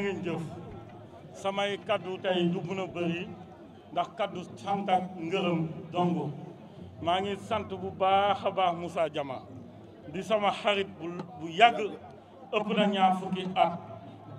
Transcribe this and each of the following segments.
na ngeen jëf samay kaddu tey du mën a bëri ndax kàddu sant ak ngërëm dong maa ngi sant bu baax a baax Moussa Diama di sama xarit bu yàgg ëpp na ñaar fukki at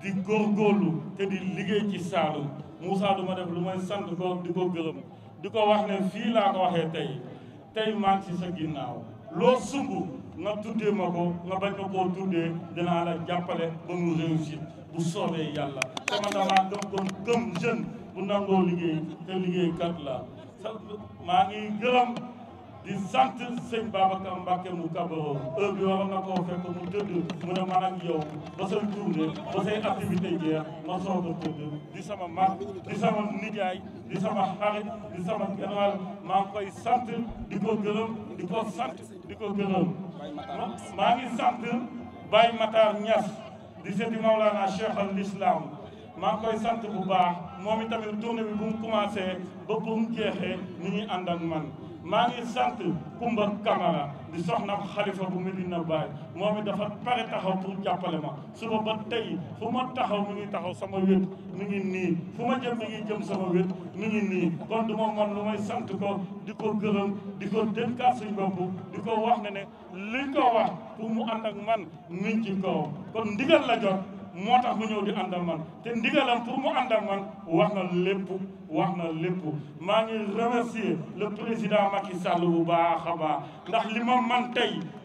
di góorgóorlu te di liggéey ci Saalum Moussa du ma def lu may sant ko di ko gërëm di ko wax ne fii laa ko waxee tey tey maa ngi ci sa ginnaaw loo sumb nga tuddee ma ko nga bañ ma koo tuddee dinaa la jàppale ba mu réussir bu soobee yàlla sama damaa maa gërëm di sant sëñ Babacar Mbacke mu Kabaro heure bi na koo fekk mu tëdd mu ne man ak yow ba sa ba say activité jeex ma soog a tëdd di sama mag di sama nijaay di sama xarit di sama général maa koy sant di ko gërëm di ko sant di ko gërëm maa ngi sant Baye Matar Niass di seeti Maulana Cheikh al Islam maa ngi koy sant bu baax moom itamit tournée bi bu mu commencé ba ni ñuy ànd man maa ngi sant Kumba Kamara di soxna xalifa bu Medina Baay moom it dafa pare taxaw pour jàppale ma suba ba tey fu ma taxaw mi nuy taxaw sama wét mi ngi nii fu ma jëm mi ngi jëm sama wét mi ngi nii kon du ma man lu may sant ko di ko gërëm di ko dénkaat suñ bopp di ko wax ne ne li ko wax pour mu ànd ak man min ci kon ndigal la jot moo tax mu ñëw di ànd ak man te ndigalam pour mu ànd man wax na lépp wax na lépp maa ngi remercier le président Macky Sall bu baax a baax ndax li ma man tey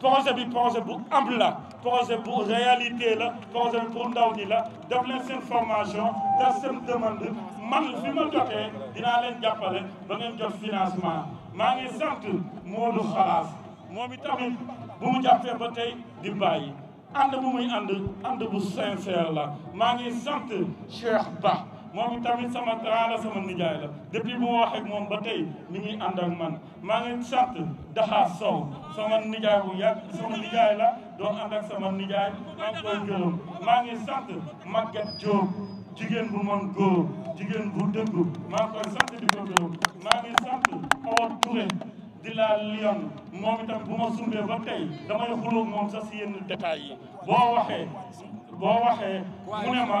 projet bi projet bu am la projet réalité la projet bi pour ndaw ñi la def formation def seen demande man fi ma jotee dinaa leen jàppale ba ngeen jot financement maa ngi sant Modou Xalaas moom itamit bu mu jàppee ba tey di bàyyi ànd bu muy ànd ànd bu sincère la maa ngi sant Cheikh Ba moom tamit sama grand la sama nijaay la depuis bu ma moom ba tey mi ngi ànd ak man maa ngi sant Daxa Sow sama nijaay bu yàgg sama nijaay la doon ànd ak sama nijaay maa ngi koy gërëm maa ngi sant Maguette Diop jigéen bu mën góor jigéen bu dëggu maa ngi sant di ko gërëm maa ngi sant Awa bu ma sumbee ba tey damay xulóog moom sax si yenn détails boo waxee boo waxee mu ne ma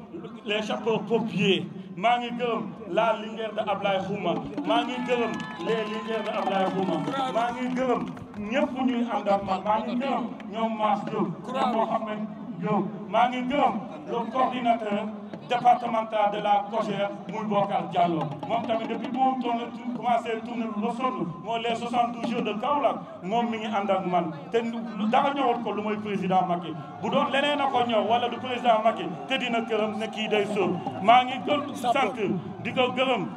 les sapeurs pompiers maa ngi gërëm la Linguère de Ablaye Khouma maa ngi gërëm lee Linguère de Ablaye Khouma maa ngi gërëm ñëpp ñuy ànd ak man maa ngi gërëm ñoom Mass Diop Mohamed Diop maa ngi gërëm le coordinateur départemental de la COJER muy Bocar Diallo moom tamit depuis moom tourné commencé tourné ba sonn moo les 72 jours de Kaolack moom mi ngi ànd ak man te dara ñëwul ko lu mooy président Macky bu doon leneen na ko ñëw wala du président Macky te dina këram na kii day sóor maa ngi gën sant di ko gërëm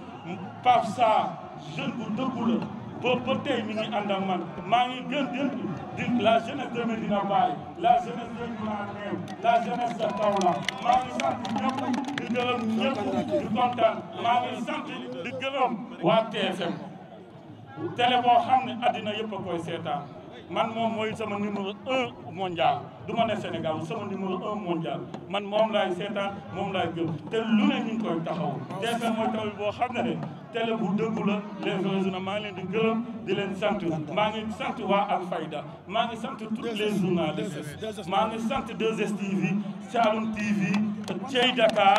Pape Sarr jeune bu dëggu boobu ba tey mi ngi ànd man maa ngi gën di la jeunesse de Medina Baye la jeunesse de Ndoumaneew la jeunesse de Kaolack maa ngi sant ñëpp di gërëm ñëpp di kontaan maa ngi sant di gërëm waa TFM télé boo xam ne addina yëpp koy seetaan. man moom mooy sama numéro un mondial du ma ne Sénégal sama numéro un mondial man moom laay seetaan moom laay gëm te lu ne ñu ngi koy taxaw TFM mooy taxaw boo xam ne ne télé bu dëggu la les maa ngi leen di gërëm di leen sant maa ngi sant waa Alfayda maa ngi sant tous les journalistes maa ngi sant 2STV Saloum TV Thiey Dakar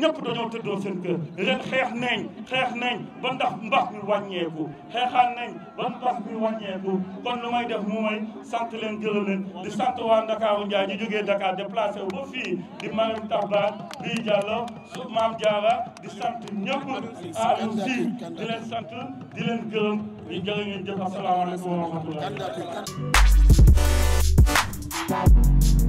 ñëpp dañoo tëddoo seen kër ren xeex nañ xeex nañ ba ndax mbax mi wàññeeku xeexaan nañ ba mbax mi wàññeeku kon lu may def mu may sant leen gërëm leen di sant waa Ndakaaru Njaay ñu jógee Dakar déplacé wu ba fii di Mariam Tabba bii Diallo Maam Diarra di sant ñëpp alu si di leen sant di leen gërëm di jërë ngeen jëf asalaamaaleykum wa rahmatullah